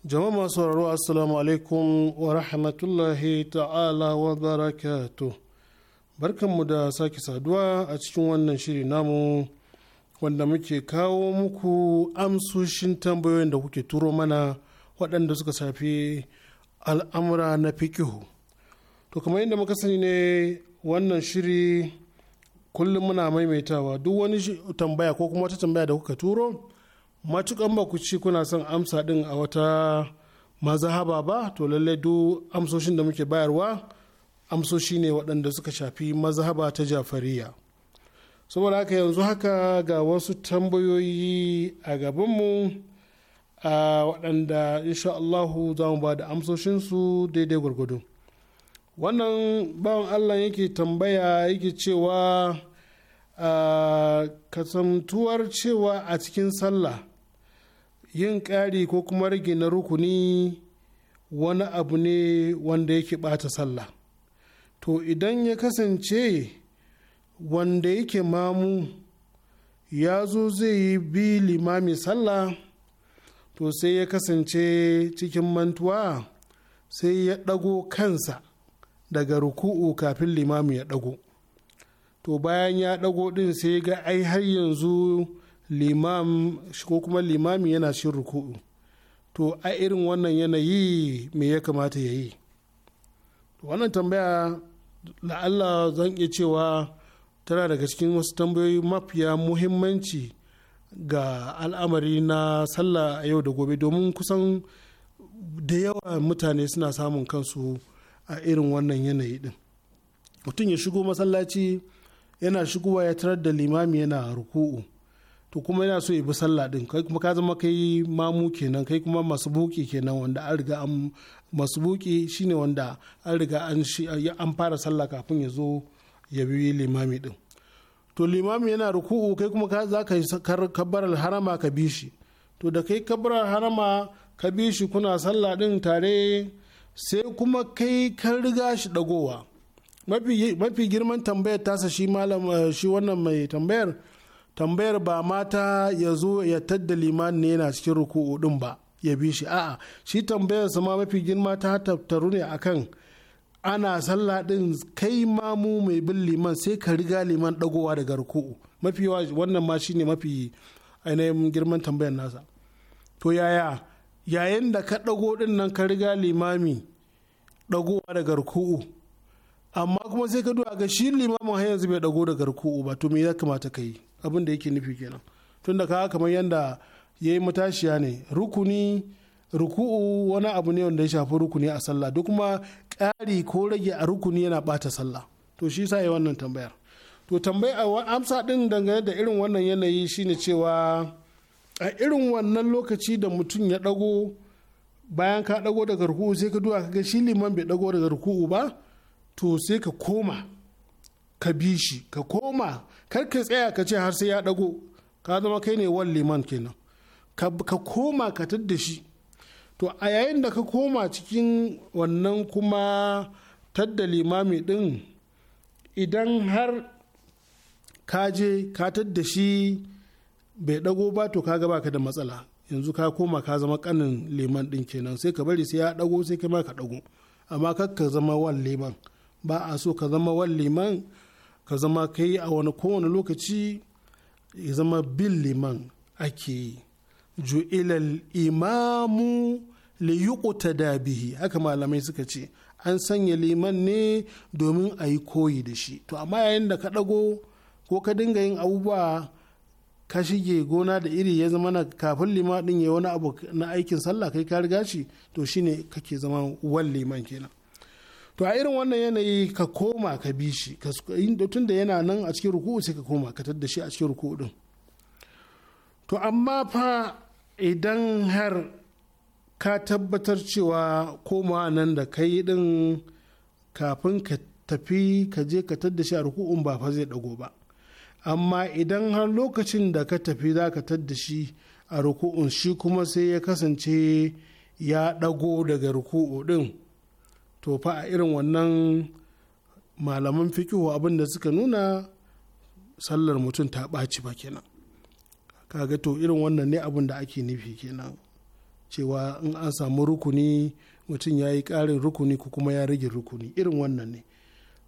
jama'a masu sauraro assalamu alaikum wa rahmatullahi ta'ala wa barakatu barkanmu da sake saduwa a cikin wannan shiri namu wanda muke kawo muku amsoshin tambayoyin da kuke turo mana waɗanda suka safi al'amura na fikihu to kamar yadda muka sani ne wannan shiri kullum muna maimaitawa duk wani tambaya ko kuma wata tambaya da kuka turo matukan ba ku ci kuna son amsa din a wata mazahaba ba to lallai duk amsoshin da muke bayarwa amsoshi ne waɗanda suka shafi mazahaba ta jafariya saboda haka yanzu haka ga wasu tambayoyi a gabanmu a waɗanda insha Allahu za mu ba da amsoshinsu daidai gwargwado wannan bawan allah yake tambaya yake cewa kasantuwar cewa a cikin sallah yin ƙari ko kuma rage na rukuni wani abu ne wanda yake ɓata sallah to idan ya kasance wanda yake mamu ya zo zai yi bi limami sallah to sai ya kasance cikin mantuwa sai ya ɗago kansa daga ruku'u kafin limami ya ɗago to bayan ya ɗago ɗin sai ga ai har yanzu limam ko kuma limami yana cin ruku'u to a irin wannan yanayi me ya kamata ya yi wannan tambaya allah zan iya cewa tana daga cikin wasu tambayoyi mafiya muhimmanci ga al'amari na sallah a yau da gobe domin kusan da yawa mutane suna samun kansu a irin wannan yanayi din mutum ya shigo masallaci yana shigowa ya tarar da limami yana ruku'u to kuma yana so ya bi sallah din kai kuma ka zama kai mamu kenan kai kuma masu buki kenan wanda an riga an masu buki shine wanda an riga an an fara sallah kafin ya zo ya bi limami din to limami yana ruku'u kai kuma ka za ka kabbar harama ka bi shi to da kai kabbarar harama ka bi shi kuna sallah din tare sai kuma kai kan riga shi dagowa mafi girman tambayar tasa shi malam eh, shi wannan mai tambayar tambayar ba mata ya zo ya tadda liman ne yana cikin ruku'u din ba ya bi shi a'a shi tambayar su ma mafi girma ta tattaru ne akan ana sallah din kai mamu mai bin liman sai ka riga liman dagowa daga ruku'u mafi wannan ma shine mafi ainihin girman tambayar nasa to yaya yayin da ka dago din nan ka riga limami dagowa daga ruku'u amma kuma sai ka duba ga shi limamin har yanzu bai dago daga ruku'u ba to me ya kamata ka yi abin da yake nufi kenan tun da kaga kamar yadda ya yi matashiya ne rukuni ruku'u wani abu ne wanda ya shafi rukuni a sallah duk kuma ƙari ko rage a rukuni yana bata sallah to shi sa ya wannan tambayar to tambaya amsa din dangane da irin wannan yanayi shine cewa a irin wannan lokaci da mutum ya dago bayan ka dago daga ruku'u sai ka duwa ka ga shi liman bai dago daga ruku'u ba to sai ka koma ka bi shi ka koma kar ka tsaya ka ce har sai ya dago ka zama kai ne wan liman kenan ka koma ka tadda shi to a yayin da ka koma cikin wannan kuma tadda limami din idan har ka je ka tadda shi bai dago ba to ka gaba ka da matsala yanzu ka koma ka zama kanin liman din kenan sai ka bari sai ya dago sai kai ma ka dago amma kar ka zama wan liman ba a so ka zama wan liman ka zama ka yi a wani kowane lokaci ya zama bin liman ake yi ju'ilal imamu li da bihi haka malamai suka ce an sanya liman ne domin a yi koyi da shi to amma yayin da ka ɗago ko ka dinga yin abubuwa ka shige gona da iri ya zama na kafin liman ɗin ya wani abu na aikin sallah kai ka riga shi to shine kake zama wan liman kenan to a irin wannan yanayi ka koma ka bi shi tun da yana nan a cikin ruku'u sai ka koma ka tadda shi a cikin ruku'u din to amma fa idan har ka tabbatar cewa koma nan da kai din kafin ka tafi ka je ka tadda shi a ruku'un ba fa zai dago ba amma idan har lokacin da ka tafi za ka tadda shi a ruku'un shi kuma sai ya kasance ya dago daga ruku'u din to fa a irin wannan malaman fikihu abin da suka nuna sallar mutum ta ɓaci ba kenan kaga to irin wannan ne abin da ake nufi kenan cewa in an samu rukuni mutum ya yi ƙarin rukuni ko kuma ya rage rukuni irin wannan ne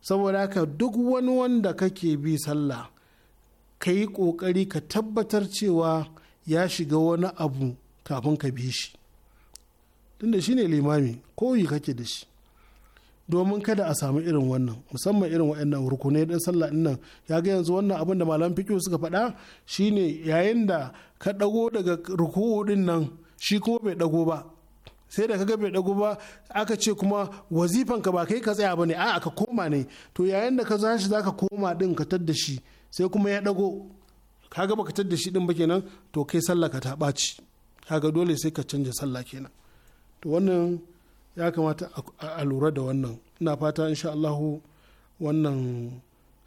saboda haka duk wani wanda kake bi sallah ka yi ƙoƙari ka tabbatar cewa ya shiga wani abu kafin ka bi shi tunda shi ne limami koyi kake da shi domin kada a samu irin wannan musamman irin waɗannan rukunai ɗin, sallah ɗin nan ya ga yanzu wannan abin da malam fiƙo suka faɗa shine yayin da ka ɗago daga ruku'u ɗin nan shi kuma bai ɗago ba sai da kaga bai ɗago ba aka ce kuma wazifan ka ba kai ka tsaya ba ne a'a ka koma ne to yayin da ka za shi zaka koma ɗin ka tadda shi sai kuma ya ɗago kaga baka tadda shi ɗin ba kenan to kai sallah ka ta ɓaci kaga dole sai ka canja sallah kenan to wannan ya kamata a lura da wannan ina fata insha Allahu wannan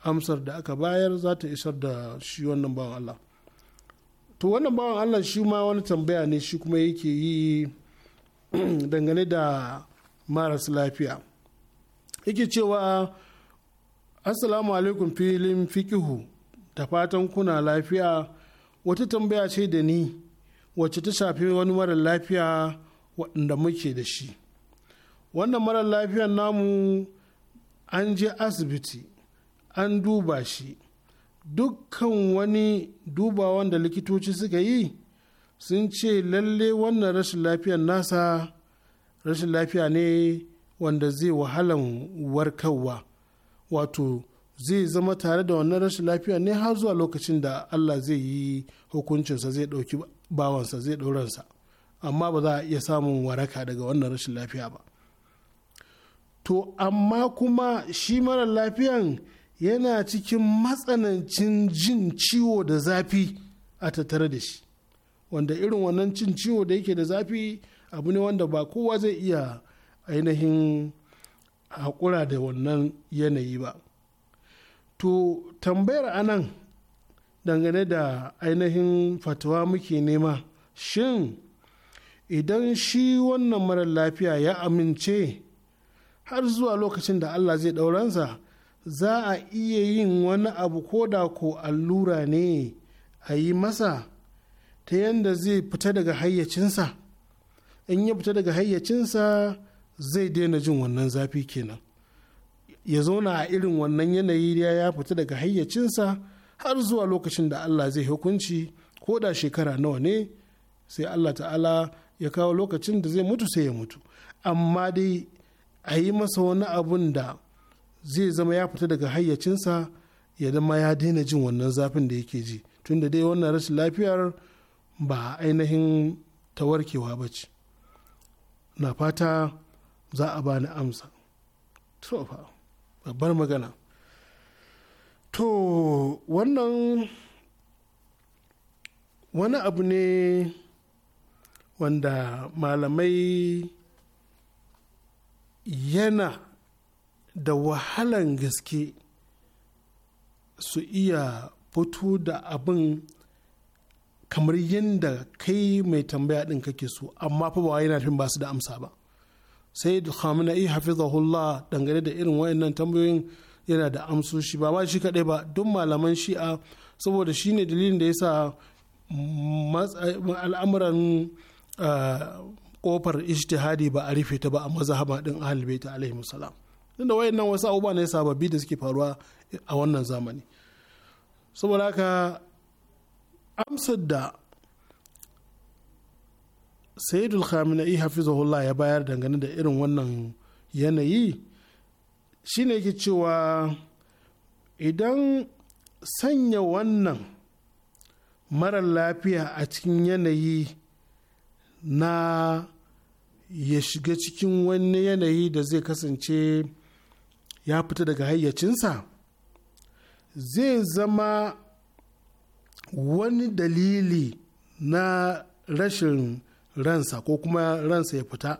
amsar da aka bayar za ta isar da shi wannan bawan Allah to wannan bawan Allah shi ma wani tambaya ne shi kuma yake yi dangane da maras lafiya yake cewa assalamu alaikum filin fikihu da fatan kuna lafiya wata tambaya ce da ni wacce ta shafi wani mara lafiya waɗanda muke da shi wannan mara lafiyar namu an je asibiti an duba shi dukkan wani dubawan da likitoci suka yi sun ce lalle wannan rashin lafiyar nasa rashin lafiya ne wanda zai wahalan warkarwa wato zai zama tare da wannan rashin lafiya ne har zuwa lokacin da allah zai yi hukuncinsa zai ɗauki bawansa zai dauransa amma ba za a iya samun waraka daga wannan rashin lafiya ba to amma kuma shi mara lafiyan yana cikin matsanancin jin ciwo da zafi a tattare da shi wanda irin wannan cin ciwo da yake da zafi abu ne wanda ba kowa zai iya ainihin haƙura da wannan yanayi ba to tambayar anan dangane da ainihin fatawa muke nema shin idan shi wannan mara lafiya ya amince har zuwa lokacin da Allah zai ɗauransa za a iya yin wani abu ko da ko allura ne a yi masa ta yadda zai fita daga hayyacinsa in ya fita daga hayyacinsa zai daina jin wannan zafi kenan ya zauna a irin wannan yanayi ya fita daga hayyacinsa har zuwa lokacin da Allah zai hukunci ko da shekara nawa ne sai Allah ta'ala ya kawo lokacin da zai mutu sai ya mutu amma dai a yi masa wani abun da zai zama ya fita daga hayyacinsa ya zama ya daina jin wannan zafin da yake ji tunda dai wannan rashin lafiyar ba ainihin tawarkewa ba ce na fata za a bani amsa babbar magana to wannan wani abu ne wanda malamai yana da wahalan gaske su iya fito da abin kamar yadda kai mai tambaya ɗin kake so amma fa ba yana fin ba su da amsa ba sai khamenei hafizahullah dangane da irin wayannan tambayoyin yana da amsoshi ba ma shi kaɗai ba don malaman shi'a saboda shi ne dalilin da ya sa al'amuran ah, kofar ijtihadi ba a rufe ta ba a mazhaba din ahlul bait alaihi salam tunda wayannan wasu abubuwa ne sababbi da suke faruwa a wannan zamani saboda haka amsar da sayyidul khamenei hafizahullah ya bayar dangane da irin wannan yanayi shine yake cewa idan sanya wannan mara lafiya a cikin yanayi na ya shiga cikin wani yanayi da zai kasance ya fita daga hayyacinsa zai zama wani dalili na rashin ransa ko kuma ransa ya fita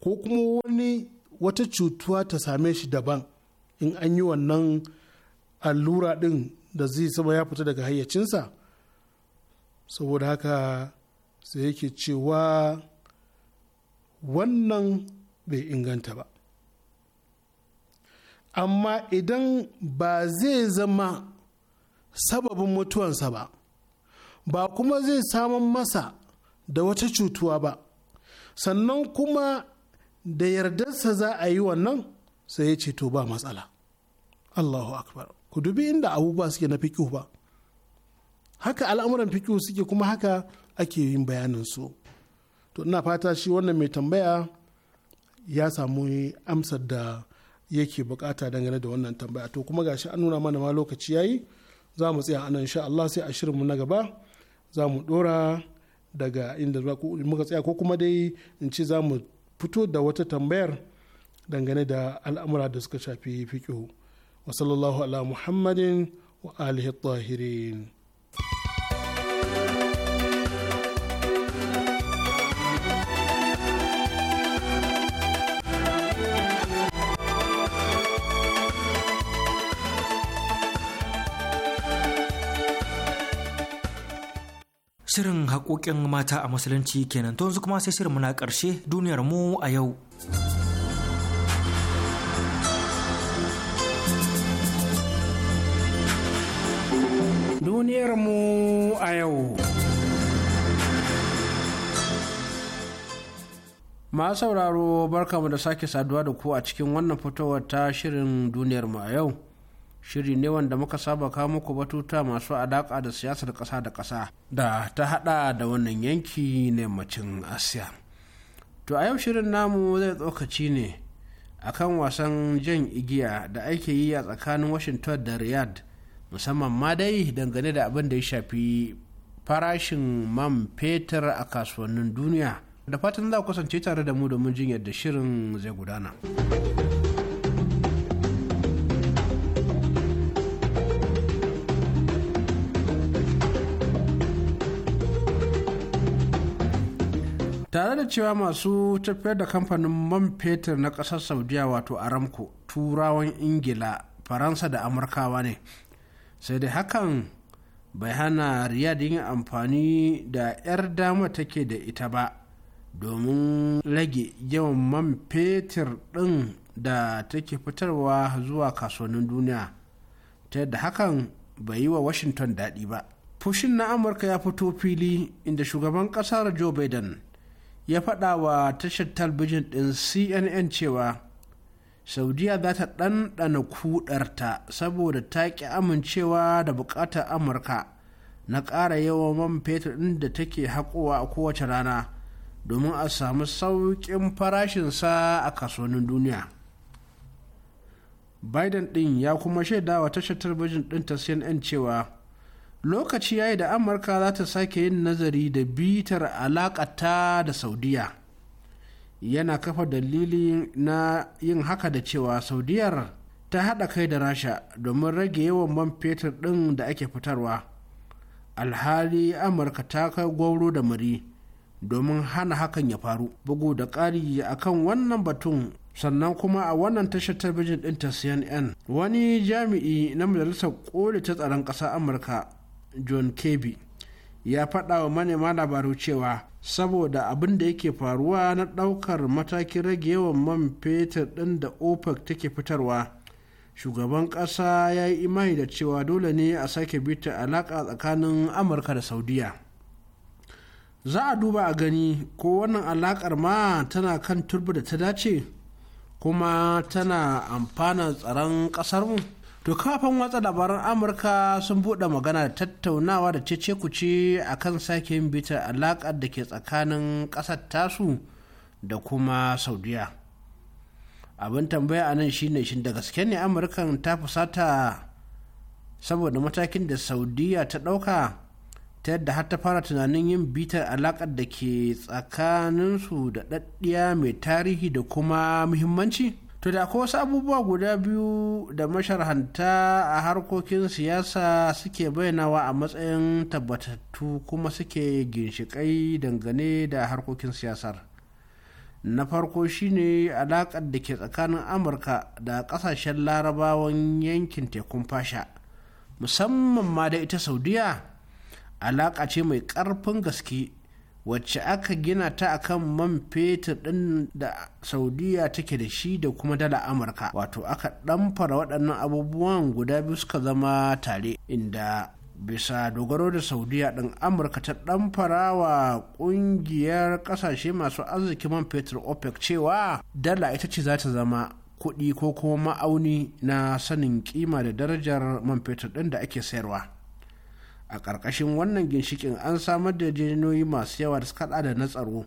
ko kuma wani wata cutuwa ta same shi daban in an yi wannan allura ɗin da zai saba ya fita daga hayyacinsa saboda haka sai yake cewa wannan bai inganta ba amma idan ba zai zama sababin mutuwansa ba ba kuma zai samun masa da wata cutuwa ba sannan kuma da yardarsa za a yi wannan sai ya ce to ba matsala allahu akbar ku dubi inda abubuwa suke na fikihu ba haka al'amuran fikihu suke kuma haka ake yin bayanin su to ina fata shi wannan mai tambaya ya samu amsar da yake bukata dangane da wannan tambaya to kuma gashi an nuna mana ma lokaci yayi za mu tsaya anan insha Allah sai a shirinmu na gaba za mu dora daga inda muka tsaya ko kuma dai in ce za mu fito da wata tambayar dangane da al'amura da suka shafi fiƙo wa sallallahu ala muhammadin wa alihi tahirin Shirin haƙoƙin mata a musulunci kenan to yanzu kuma sai shirin muna ƙarshe duniyar mu a yau. Duniyar mu a yau. Ma sauraro barkamu da sake saduwa da ku a cikin wannan fitowar ta shirin duniyar mu a yau. shiri ne wanda muka saba kawo muku batuta masu alaƙa da siyasar ƙasa da ƙasa da ta haɗa da wannan yanki ne macin asiya to a yau shirin namu zai tsokaci ne akan wasan jan igiya da ake yi a tsakanin washington da riyadh musamman ma dai dangane da abin da ya shafi farashin man fetur a kasuwannin duniya da fatan za ku kasance tare da mu domin jin yadda shirin zai gudana. cewa masu tafiyar da kamfanin man fetur na ƙasar saudiya wato aramco turawan ingila faransa da amurkawa ne sai dai hakan bai hana riyad yin amfani da 'yar dama take da ita ba domin rage yawan man fetur ɗin da take fitarwa zuwa kasuwannin duniya ta yadda hakan bai yi wa washington daɗi ba fushin na amurka ya fito fili inda shugaban ƙasar joe biden ya faɗa wa tashar talbijin ɗin cnn cewa saudiya za ta ɗanɗana kudarta saboda ta ƙi amincewa da buƙatar amurka na ƙara yawan man fetur ɗin da take haƙowa a kowace rana domin a samu sauƙin farashinsa a kasuwannin duniya biden ɗin ya kuma shaidawa tashar talbijin ɗin ta cnn cewa lokaci ya yi da amurka za ta sake yin nazari da bitar alakata da saudiya yana kafa dalili na yin haka da cewa saudiyar ta haɗa kai da rasha domin rage yawan man fetur ɗin da ake fitarwa alhali amurka ta kai gwauro da muri domin hana hakan ya faru bugu da ƙari akan wannan batun sannan kuma a wannan tashar talabijin ɗin ta cnn wani jami'i na majalisar ƙoli ta tsaron ƙasa amurka john kebi ya faɗa wa manema labaru cewa saboda abin da yake faruwa na ɗaukar matakin rage yawan man fetur ɗin da opec take fitarwa shugaban ƙasa ya yi imani da cewa dole ne a sake bita alaƙa tsakanin amurka da saudiya za a duba a gani ko wannan alaƙar ma tana kan turbi da ta dace kuma tana amfana tsaron ƙasarmu To kafin watsa labaran Amurka sun buɗe magana da tattaunawa da cece kuce a kan sake yin bitar alaƙar da ke tsakanin ƙasar tasu da kuma Saudiya. Abin tambaya a nan shine shi da gaske ne Amurkan ta fusata saboda matakin da Saudiya ta ɗauka ta yadda har ta fara tunanin yin bitar alaƙar da ke tsakaninsu da ɗaɗɗiya mai tarihi da kuma muhimmanci? to da ko wasu abubuwa guda biyu da masharhanta a harkokin siyasa suke bayyanawa a matsayin tabbatattu kuma suke ginshiƙai dangane da harkokin siyasar na farko shine alaƙar da ke tsakanin amurka da ƙasashen larabawan yankin tekun fasha musamman ma da ita saudiya alaƙa ce mai ƙarfin gaske wacce aka gina ta akan man fetur ɗin da saudiya take da shi da kuma dala amurka wato aka ɗamfara waɗannan abubuwan guda biyu suka zama tare inda bisa dogaro da saudiya ɗin amurka ta ɗamfara wa ƙungiyar ƙasashe masu arziki man fetur opec cewa dala ita ce za ta zama kuɗi ko kuma ma'auni na sanin kima da darajar man fetur ɗin da ake sayarwa a ƙarƙashin wannan ginshikin an samar da jiniyoyi masu yawa da suka da na tsaro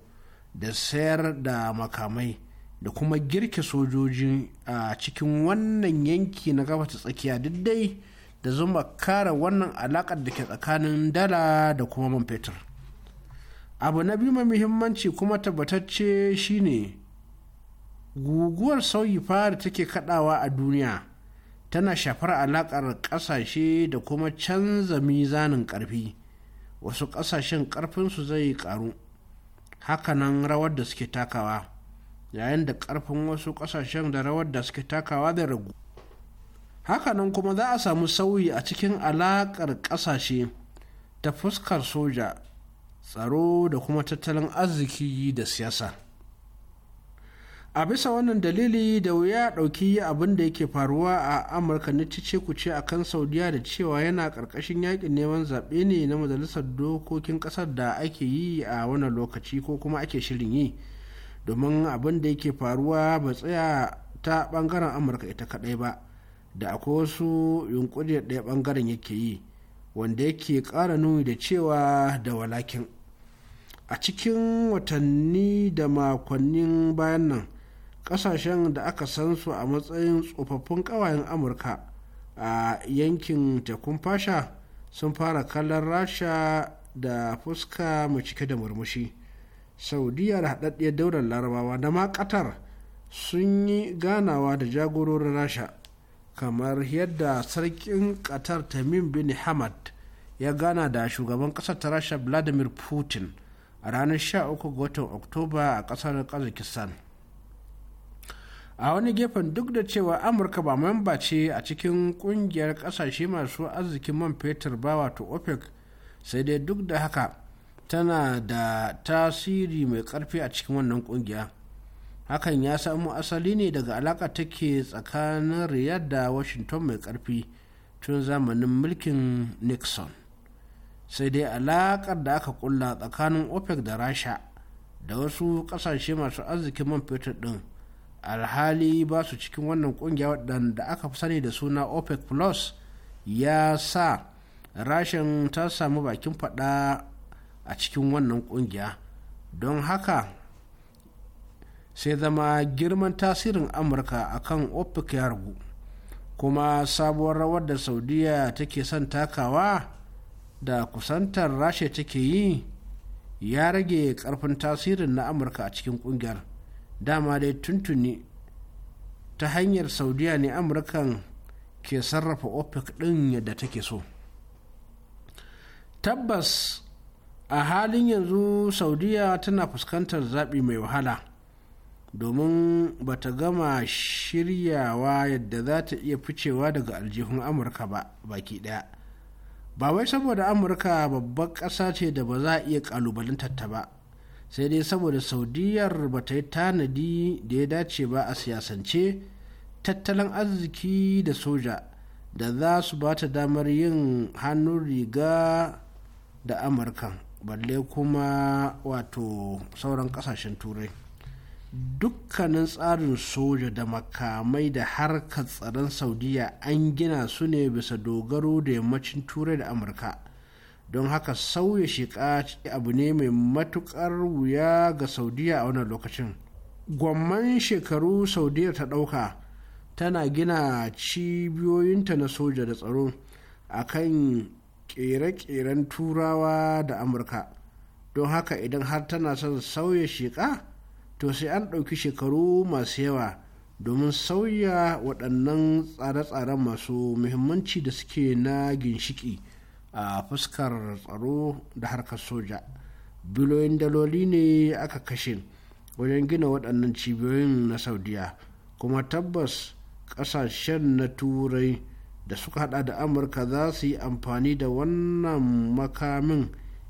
da sayar da makamai da kuma girke sojoji a cikin wannan yanki na gaba ta tsakiya duk dai da zuma kara wannan alakar da ke tsakanin dala da kuma man fetur abu na biyu mai muhimmanci kuma tabbatacce shine guguwar sauyi fara take kadawa a duniya tana shafar alaƙar ƙasashe da kuma canza mizanin ƙarfi wasu ƙasashen ƙarfinsu zai ƙaru hakanan rawar da suke takawa yayin da ƙarfin wasu ƙasashen da rawar da suke takawa zai ragu hakanan kuma za a samu sauyi a cikin alaƙar ƙasashe ta fuskar soja tsaro da kuma tattalin arziki da siyasa a bisa wannan dalili da wuya ɗauki abin da yake faruwa a amurka na cice kuce a kan saudiya da cewa yana ƙarƙashin yakin neman zaɓe ne na majalisar dokokin ƙasar da ake yi a wannan lokaci ko kuma ake shirin yi domin abin da yake faruwa ba tsaya ta ɓangaren amurka ita kaɗai ba da akwai wasu yunƙuri da ɗaya bangaren yake yi wanda yake ƙara nuni da cewa da walakin a cikin watanni da makonnin bayan nan kasashen da aka san su a matsayin tsofaffin ƙawayen amurka a yankin tekun fasha sun fara kallon rasha da fuska mai cike da murmushi saudiya da haɗaɗɗiyar daular larabawa da ma ƙatar sun yi ganawa da jagororin rasha kamar yadda sarkin ƙatar tamim bin hamad ya gana da shugaban ƙasar ta rasha vladimir putin a ranar 13 ga watan oktoba a ƙasar kazakistan a wani gefen duk da cewa amurka ba mamba ce a cikin kungiyar kasashe masu arzikin man fetur ba wato opec sai dai duk da haka tana da tasiri mai karfi a cikin wannan kungiya hakan ya samu asali ne daga alaka take tsakanin riyar da washington mai karfi tun zamanin mulkin nixon sai dai alakar da aka kulla tsakanin opec da rasha da wasu kasashe masu arzikin man fetur din alhali ba su cikin wannan kungiya waɗanda aka fi sani da suna opec plus ya sa rashin ta samu bakin faɗa a cikin wannan kungiya don haka sai zama girman tasirin amurka akan opec ya ragu kuma sabuwar rawar da saudiya take son takawa da kusantar rasha take yi ya rage karfin tasirin na amurka a cikin kungiyar dama dai tuntuni ta hanyar saudiya ne amurkan ke sarrafa opec ɗin yadda take so tabbas a halin yanzu saudiya tana fuskantar zaɓi mai wahala domin ba ta gama shiryawa yadda za ta iya ficewa daga aljihun amurka ba baki ɗaya ba wai saboda amurka babbar ƙasa ce da ba za a iya ƙalubalantar ta ba sai dai saboda saudiyar ba ta yi tanadi da ya dace ba a siyasance tattalin arziki da soja da za su ba ta damar yin hannun riga da amurka balle kuma wato sauran kasashen turai dukkanin tsarin soja da makamai da harkar tsaron saudiya an gina su ne bisa dogaro da yammacin turai da amurka don haka sauya shiƙa abu ne mai matuƙar wuya ga saudiya a wannan lokacin gwamman shekaru saudiya ta ɗauka tana gina cibiyoyinta na soja da tsaro a kan ƙere-ƙeren turawa da amurka don haka idan har tana son sauya shiƙa to sai an ɗauki shekaru masu yawa domin sauya waɗannan tsare-tsaren masu muhimmanci da suke na ginshiki. a fuskar tsaro da harkar soja biloyin daloli ne aka kashe wajen gina waɗannan cibiyoyin na saudiya kuma tabbas ƙasashen na turai da suka hada da amurka za su yi amfani da wannan makamin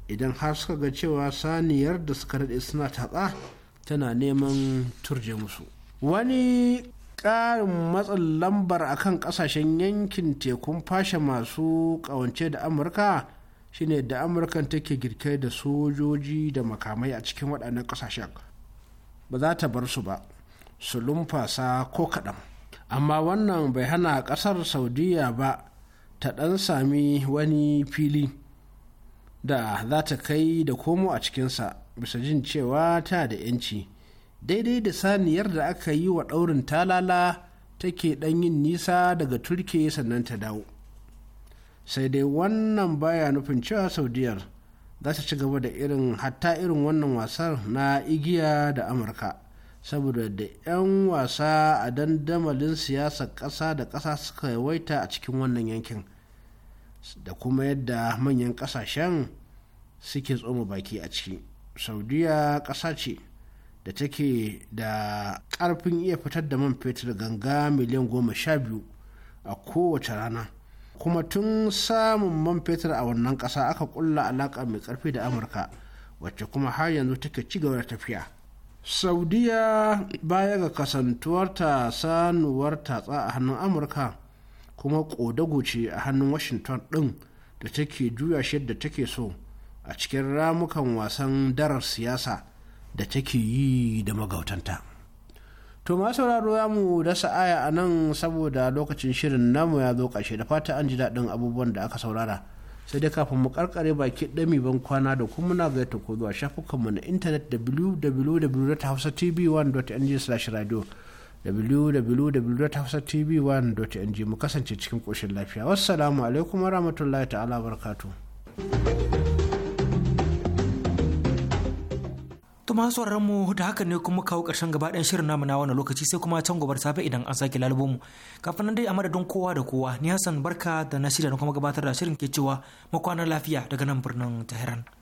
idan har suka ga cewa saniyar da suka daɗe suna tatsa tana neman turje musu wani ƙarin matsin lambar a kan ƙasashen yankin tekun fashe masu ƙawance da amurka shine da amurka take girke da sojoji da makamai a cikin waɗannan ƙasashen ba za ta bar su ba su lumfasa ko kaɗan amma wannan bai hana ƙasar saudiya ba ta ɗan sami wani fili da za ta kai da komo a cikinsa bisa jin cewa ta da 'yanci daidai da saniyar da aka yi wa ɗaurin talala take ɗan yin nisa daga turke sannan ta dawo sai dai wannan baya nufin cewa saudiyar za ta ci gaba da irin hatta irin wannan wasar na igiya da amurka saboda da 'yan wasa a dandamalin siyasar ƙasa da ƙasa suka yawaita a cikin wannan yankin da kuma yadda manyan ƙasashen suke tsoma baki a ciki saudiya ƙasa ce da take da ƙarfin iya fitar da man fetur ganga miliyan goma sha biyu a kowace rana kuma tun samun man fetur a wannan ƙasa aka ƙulla alaƙa mai ƙarfi da amurka wacce kuma har yanzu take ci gaba da tafiya saudiya baya ga kasantuwarta sanuwar tatsa a hannun amurka kuma ƙodago ce a hannun washington ɗin da take juya shi yadda take so a cikin ramukan wasan darar siyasa da take yi da magautanta to ma sauraro ya mu dasa aya a nan saboda lokacin shirin namu ya zo ƙarshe da fata an ji daɗin abubuwan da aka saurara sai dai kafin mu karkare baki ɗami ban kwana da kuma muna ta ko zuwa shafukanmu na intanet www.hausatv1.ng/radio www.hausatv1.ng mu kasance cikin ƙoshin lafiya wassalamu alaikum warahmatullahi ta'ala barkatu. To masu mu da haka ne kuma kawo ƙarshen gaba shirin namu na wannan lokaci sai kuma can gobar safe idan an sake lalubo mu. Kafin nan dai a madadin kowa da kowa ni Hassan Barka da na shirya na kuma gabatar da shirin ke cewa makwanar lafiya daga nan birnin Tehran.